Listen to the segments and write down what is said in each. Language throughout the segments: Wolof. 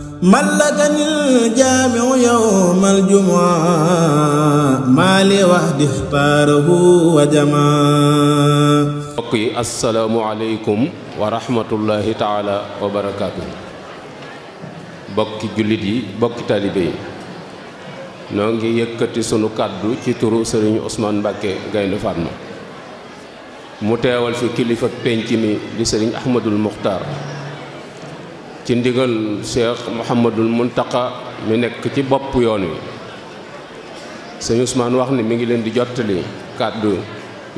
ملكني yi asalaamualeykum wa rahmatullahi taala wa bokki jullit yi bokki taalibe yi noo ngi yëkkati sunu kàddu ci turu sëriñ Ousmane Mbacke Gaynde Fatma mu teewal fi kilifa penc mi di sëriñ Ahmadul Muxtaar ci ndigal Cheikh Mouhamadul Muntaka mi nekk ci bopp yoon wi sëñ Ousmane wax ni mi ngi leen di jottali kàddu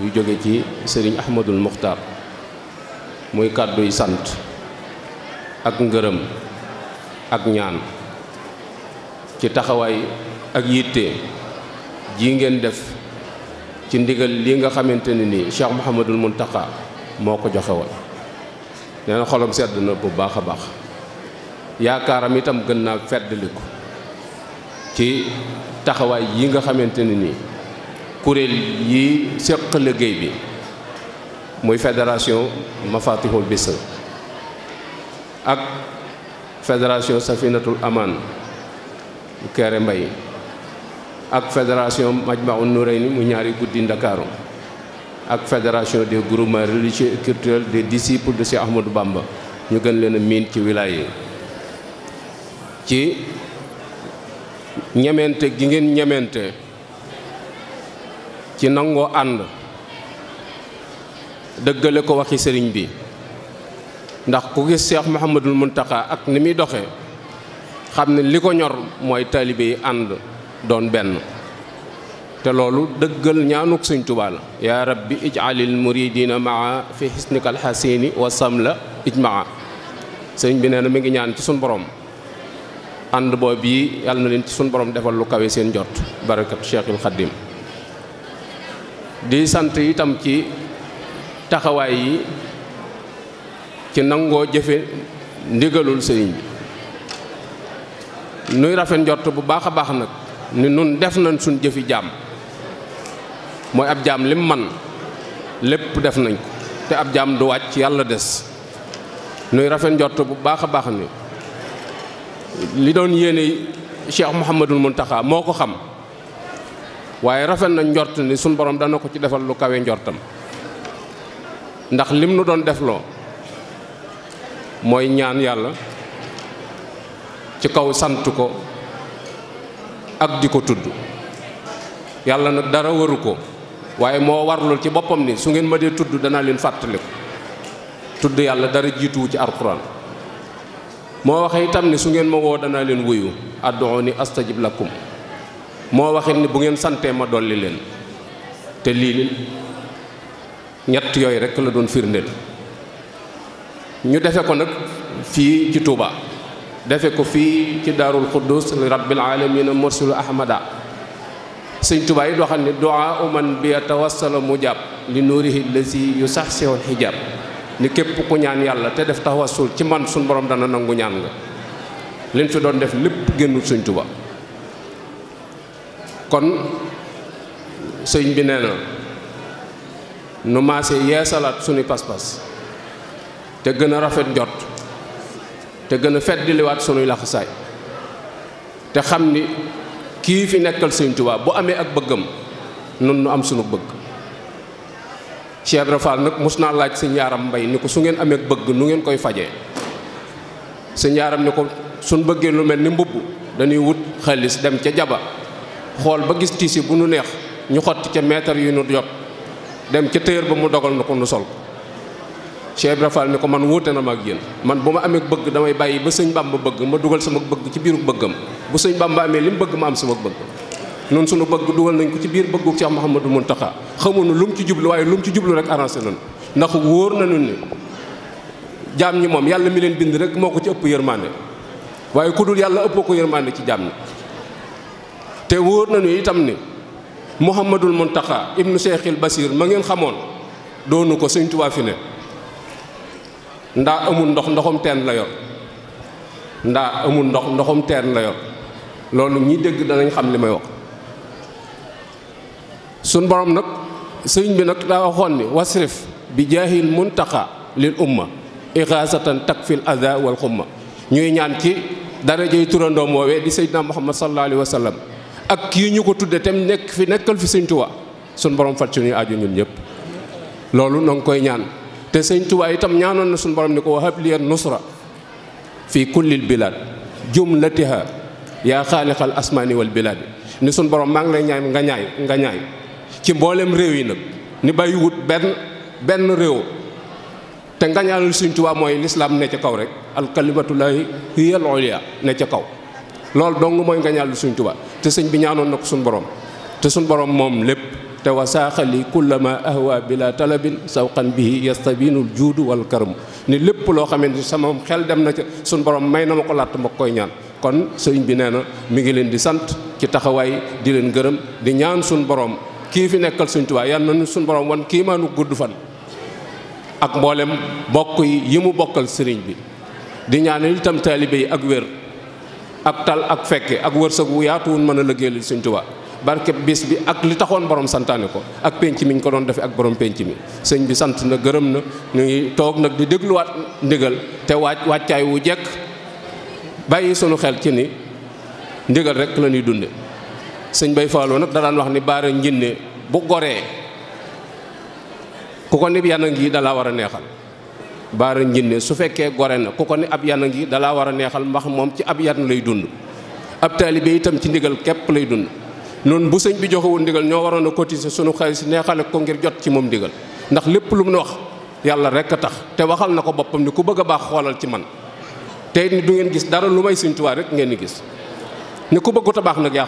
yu jóge ci sëriñ Ahmadul Muxtaar muy kàddu yu sant ak ngërëm ak ñaan ci taxawaay ak yitte ji ngeen def ci ndigal li nga xamante ne nii Cheikh Mouhamadul Muntaka moo ko joxe woon nee na xolam sedd na bu baax a baax yaakaaram itam gën naa feddaliku ci taxawaay yi nga xamante ne nii kuréel yi séq liggéey bi muy fédération Mafatihul Bichri ak fédération Safinatul Aman Kéré Mbay ak fédération Majmahun Nurayni mu ñaari guddi Ndakaaru ak fédération des groupements religieux et culturels des disciples de Cheikh Ahmadou Bamba ñu gën leen a miin ci wilaya yi ci ñemente gi ngeen ñemente ci nangoo ànd dëggale ko waxi sëriñ bi ndax ku gis Cheikh Mouhamadul Mountakha ak ni muy doxe xam ne li ko ñor mooy taalibe yi ànd doon benn te loolu dëggal ñaanu Sëñ Tuubaa la yaa rabbi ij'alil muridina maa fi xisnikal xasini wa samla ijmaa sëriñ bi nee na mi ngi ñaan ci sunu borom ànd boobu bi yàlla na leen ci suñu borom defal lu kawe seen jot barakat Cheikhul Khadim di sant itam ci taxawaay yi ci nangoo jëfe ndigalul sëriñ bi nuy rafet njort bu baax a baax nag ni nun def nañ suñ jëfi jaam mooy ab jaam lim man lépp def nañ ko te ab jaam du wàcc yàlla des nuy rafet njort bu baax baax ni li doon yéene Cheikh Mouhamadul taxaa moo ko xam waaye rafet na njort ni suñ borom dana ko ci defal lu kawe njortam ndax lim nu doon defloo mooy ñaan yàlla ci kaw sant ko ak di ko tudd yàlla nag dara waru ko waaye moo warlul ci boppam ni su ngeen ma dee tudd danaa leen fàttaliku tudd yàlla dara jiituwu ci alxuraan moo waxe itam ni su ngeen ma woo danaa leen wuyu adduuni astajib lakum moo waxit ni bu ngeen santee ma dolli leen te lii ñett yooyu rek la doon firndeel ñu defe ko nag fii ci Touba defe ko fii ci daarul quddus li rabbil alamina mursilu ahmada sëñ Touba yi doo xam ne duaa uman bi yatawassala mujab li nuurihi lazi yusaxsihul hijab ni képp ku ñaan yàlla te def tawassul ci man suñ borom dana nangu ñaan la liñ si doon def lépp génnul Sëñ Tuubaa kon sëñ bi nee na nu maase yeesalaat suñu pas-pas te gën a rafet njot te gën a feddiliwaat suñuy laxasaay te xam ni kii fi nekkal Sëñ Tuubaa bu amee ak bëggam noonu nu am sunu bëgg Cheikh Ibra Fall nag mos naa laaj sëñ yaaram mbay ni ko su ngeen amee bëgg nu ngeen koy faje sëñ yaaram ni ko suñ bëggee lu mel ni mbubb dañuy wut xaalis dem ca jabar xool ba gis tiisi bu nu neex ñu xotti ca meetar yu nu jot dem ca téer ba mu dogal na ko nu sol ko Cheikh Ibra Fall ni ko man wuute na ma ak yéen man bu ma amee bëgg damay bàyyi ba sëñ Bamba bëgg ma dugal sama bëgg ci biiru bëggam bu sëñ Bamba amee li mu bëgg ma am sama bëgg nun suñu bëgg dugal nañ ko ci biir bëggu Cheikh Mouhamadou Mountakha xamuñu lu mu ci jublu waaye lu mu ci jublu rek arrangé nañu ndax wóor nañu ni jaam ñi moom yàlla mi leen bind rek moo ko ci ëpp yërmande waaye ku yàlla ëppoo ko yërmande ci jaam ñi te wóor nañu itam ni Mouhamadul Mountakha ibnu Cheikhil Basir ma ngeen xamoon doonu ko Sëñ Tuubaa fi ne ndaa amul ndox ndoxum teen la yor ndaa amul ndox ndoxum teen la yor loolu ñi dégg danañ xam li may suñ borom nag sëriñ bi nag daa waxoon ni wasrif bi jaahil muntaqa lil umma ixaasatan fi ada wal xumma ñuy ñaan ci darajey turandoom woowee di seydina muhammad sallallahu alayhi wa sallam ak kii ñu ko tuddee tam nekk fi nekkal fi sëñ Tuubaa suñ borom faj suñuy aju ñun ñëpp loolu na koy ñaan te sëñ Tuubaa itam ñaanoon na suñu borom ni ko wahab liya nusra fii kullil bilad jumlatiha yaa xaaliqal asmaani wal biladi ni suñ borom maa ngi lay ñaan nga ñaay nga ñaay ci mbooleem réew yi nag ni bàyyi wut benn benn réew te ngañaalul suñ Tuubaa mooy lislaam ne ca kaw rek alkalimatullahi hiya al ulya ne ca kaw loolu dong mooy ngañaalul suñ Tuubaa te sëñ bi ñaanoon na ko suñ borom te suñ boroom moom lépp te wasaaxali kullama ahwa bila talabin sawqan bihi yastabinul juudu wal karam ni lépp loo xamante ni sama xel dem na ca suñ borom may na ma ko làtt ma koy ñaan kon sëñ bi nee na mi ngi leen di sant ci taxawaay di leen gërëm di ñaan suñ borom kii fi nekkal suñ Tuubaa yal na suñ borom wan kii maanu gudd fan ak mboolem bokk yi mu bokkal sëriñ bi di ñaanal itam taalibe yi ak wér ak tal ak fekke ak wërsëg wu yaatuwun mën a liggéeyal suñ Tuubaa barke bis bi ak li taxoon borom santaane ko ak penc mi ñu ko doon defe ak borom penc mi sëñ bi sant na gërëm na ñu ngi toog nag di dégluwaat ndigal te waaj wàccaay wu jekk bàyyi sunu xel ci ni ndigal rek la ñuy dunde sëñ bay faaloo nag da daan wax ni baara njinne bu goree ku ko nib yana ngi dalaa war a neexal baara njinne su fekkee gore na ku ko ni ab yana ngi dalaa war a neexal mbax moom ci ab yan lay dund ab taalibe itam ci ndigal képp lay dund noonu bu sëñ bi joxewul ndigal ñoo waroon a cotiser suñu xaalis neexale ko ngir jot ci moom ndigal ndax lépp lu mu ne wax yàlla rek a tax te waxal na ko boppam ni ku bëgg a baax xoolal ci man te ni du ngeen gis dara lu may sëñ ngeen di gis ni ku bëggut a baax nag yaa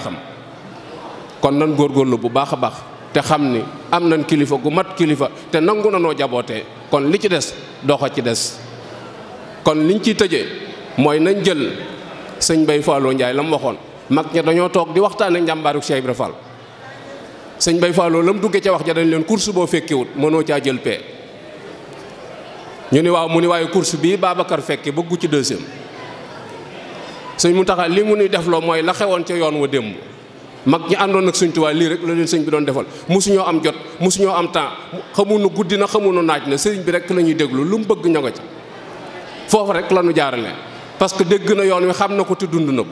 kon nan góorgóorlu bu baax a baax te xam ni am nañ kilifa gu mat kilifa te nangu na noo jabootee kon li ci des doxa ci des kon liñ ciy tëje mooy nañ jël sëñ Bay Fallou njaay la mu waxoon mag ña dañoo toog di waxtaane njàmbaaru Cheikh Ibra Fall sëñ Bay Fallou la mu duggee ca wax ja dañ leen course boo fekkiwut mënoo caa jël pee ñu ni waaw mu ni waaye course bii Babacar fekki bëggu ci deuxième sëñ mu taxa li mu nuy defloo mooy la xewoon ca yoon wa démb mag ñi àndoon ak Sëñ Tuubaa lii rek la leen sëñ bi doon defal mosuñoo am jot mosuñoo am temps xamuñu guddi na xamuñu naaj na sëriñ bi rek la déglu lu mu bëgg ña nga ci foofu rek la ñu jaarale parce que dégg na yoon wi xam na ko te dund na ko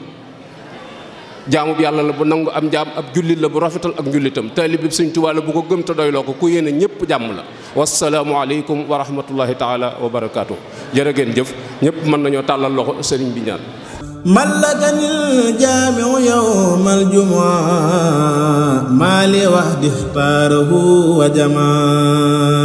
jaamub yàlla la bu nangu am jaam ab jullit la bu rafetal ak njullitam taalib bi Sëñ Tuubaa la bu ko gëm te doyloo ko ku yéene ñëpp jàmm la wasalaamualeykum wa rahmatullahi taala wa barakaatu jërë ngeen jëf ñëpp mën nañoo tàllal loxo sëriñ bi ñaan ملكني الجامع يوم الجمعة ما لي وحدي اختاره وجمعه